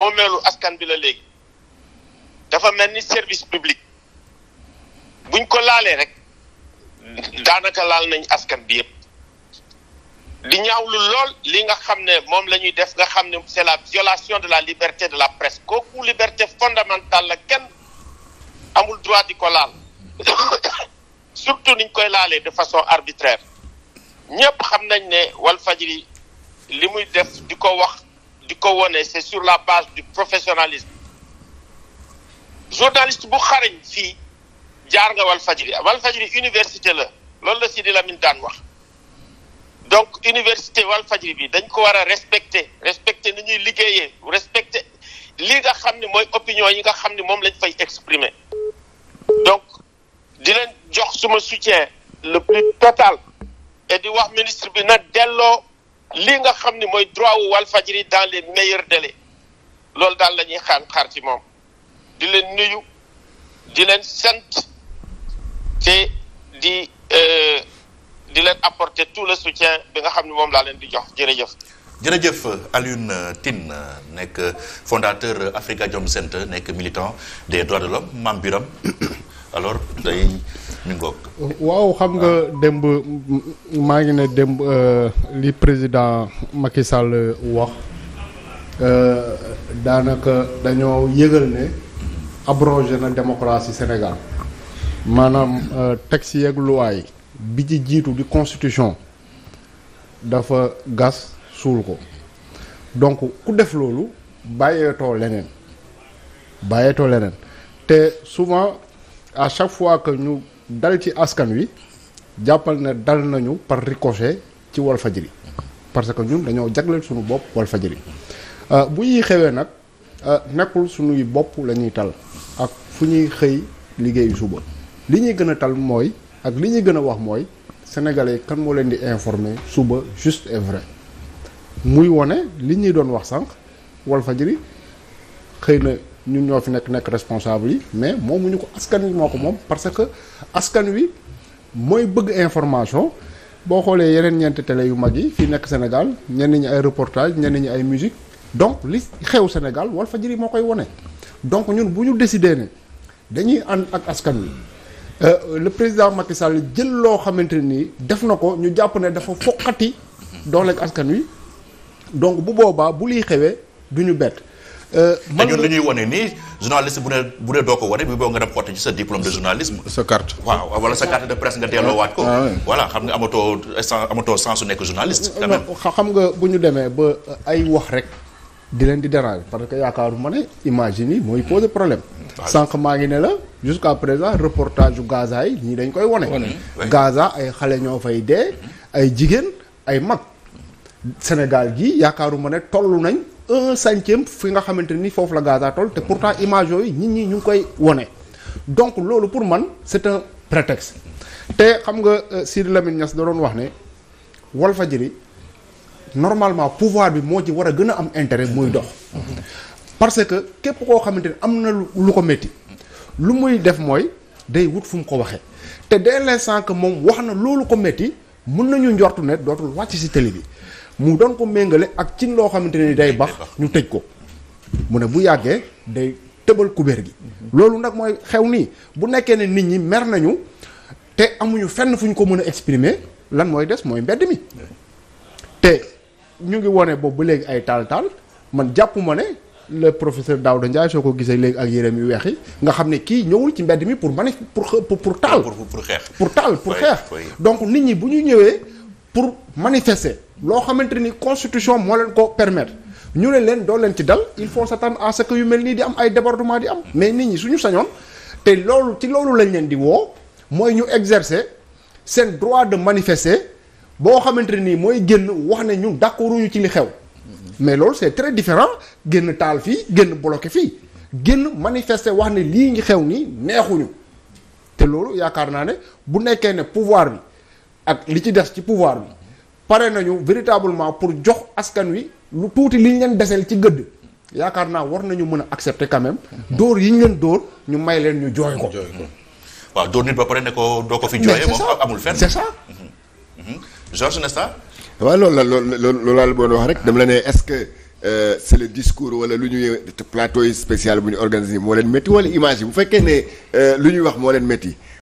moomeelu askan bi la léegi dafa mel ni service public buñ ko laalee rek daanaka laal nañ askan bi yépp di ñaawlu lool li nga xam ne moom la ñuy def nga xam ne c'est la violation de la liberté de la presse kooku liberté fondamentale la kenn amul droit di ko laal surtout niñ koy laalee de façon arbitraire ñépp xam nañ ne Walfadjri li muy def di ko wax di ko wone c'est sur la base du professionnalisme journaliste bu xarañ fii jaar nga wal fajri wal fajri université la loolu la Sidi Lamine daan wax donc université wal fajri bi dañ ko war a respecter respecter ni ñuy liggéeyee respecter li nga xam ne mooy opinion yi nga xam ne moom lañ fay exprimer donc di leen jox suma soutien le plus total et di wax ministre bi na delloo lii nga xam ni mooy droit wu Walfadjri dans les meilleurs délais loolu daal la ñuy xaan xaar ci moom di leen nuyu di leen sent te di euh, di leen apporter tout le soutien bi nga xam ni moom laa leen di jox jërëjëf. jërëjëf Alioune Tine nekk fondateur Africa Jom Center nekk militant des droits de l'homme Mame Biram alors day. waaw xam nga démb maa ngi ne démb euh, li président Macky Sall wax euh, daanaka dañoo yëgal ne abrogé na démocratie Sénégal maanaam euh, texte yeeg luwaay bi ci jiitu di constitution dafa gas suul ko donc ku def loolu bàyyeetoo leneen bàyyeetoo leneen te souvent à chaque fois que ñu dal ci askan wi jàppal na dal nañu par ricochet ci Walfadjri parce que ñun dañoo jagleel suñu bopp Walfadjri euh, bu ñuy xewee nag euh, nekkul suñuy bopp la ñuy tal ak fu ñuy xëy liggéeyu suba li ñuy gën a tal mooy ak li ñuy gën a wax mooy sénégalais kan moo leen di informer suba juste et vrai muy wone li ñuy doon wax sànq Walfadjri xëy na. ñun ñoo fi nekk nekk responsable yi mais moomuñu ko askan wi moo ko moom parce que askan wi mooy bëgg information boo xoolee yeneen ñeenti télé yu mag yi fii nekk Sénégal ñenn ñi ay reportage ñenn ñi ay musique donc li xew Sénégal Walfadjri moo koy wone donc ñun bu ñu décidé ne dañuy ànd ak askan wi euh, le président Macky jël loo xamante ni def na ko ñu jàpp ne dafa foqati dooleeg askan wi donc bu boobaa bu liy xewee du ñu bett. Euh, man ñun li ñuy wane nii journaliste bu ne bu ne doo ko wane bi boo nga dem xotti ci sa diplôme de journalisme. sa carte waaw wala sa carte de presse nga delloowaat ko. Ah, ah, voilà xam nga amatoo amatoo sens su nekk journaliste. quand xam nga bu ñu demee ba euh, ay wax rek. di leen di déranger parce que yaakaaruma ne image yi mooy poser problème. sànq maa ngi ne la jusqu'à présent reportage yu Gaza yi ñii dañ koy wone Gaza ay xale ñoo fay dee. ay jigéen ay mag. Sénégal gi yaakaaruma ne tollu nañ. un cinquième fi nga xamante ni foofu la Gaza te pourtant image yooyu nit ñi ñu ngi koy wone donc loolu pour man c'est un prétexte te xam nga euh, Sidi Lamine Niass da doon wax ne Walfadjri normalement pouvoir bi moo ci war a gën a am intérêt muy dox parce que képp koo xamante ni am na lu lu ko métti lu muy def mooy day wut fu mu ko waxee te de la que moom wax na loolu ko métti mën nañu njortu ne dootul wàcc ci télé bi mu doon ko méngale ak cin loo xamante ne day bax ñu tëj ko mu ne bu yàggee day tëbal kubéer gi mhm. loolu nag mooy xew nii bu nekkee ne nit ñi mer nañu te amuñu fenn fu ñu ko mën a exprimer lan mooy des mooy mbedd mi te ñu ngi wone boobu ba léegi ay taal-taal man jàpp ma ne le professeur da Ndiaye soo ko gisee léegi ak yéreem yu weex yi nga xam ne kii ñëwul ci mbedd mi pour manif pour pour taal pour xeex pour taal pour xeex donc nit ñi bu ñu ñëwee pour manifester loo xamante ni constitution moo leen ko permettre ñu ne leen doo leen ci dal il faut sa tam ce que yu mel nii di am ay débordement di am mais nit ñi suñu sañoon te loolu ci loolu lañ leen di woo mooy ñu exercer seen droit de manifester boo xamante nii mooy génn wax ne ñun d'accorduñu ci li xew mais loolu c'est très différent génn taal fii génn bloqué fii génn manifester wax ne lii ngi xew nii neexuñu te loolu yaakaar naa ne bu nekkee ne pouvoir bi ak li ci des ci pouvoir bi pare nañu véritablement pour jox askan wi lu tuuti liñ leen deseel ci gëdd yaakaar naa war nañu mën a accepter quand même dóor yi ñu leen dóor ñu may leen ñu jooy ko waaw dóor nit ba pare ne ko doo ko fi jooyee moom amul fenn c'est ça mm-hmm. Mm-hmm. Georges n'est-ce pas waaw loolu la loolu la doon wax rek dama la ne est-ce que Euh, c'est le discours wala lu ñuy plateau yi spécial bu ñu organisé moo leen métti wala image yi bu fekkee ne euh, lu ñuy wax moo leen métti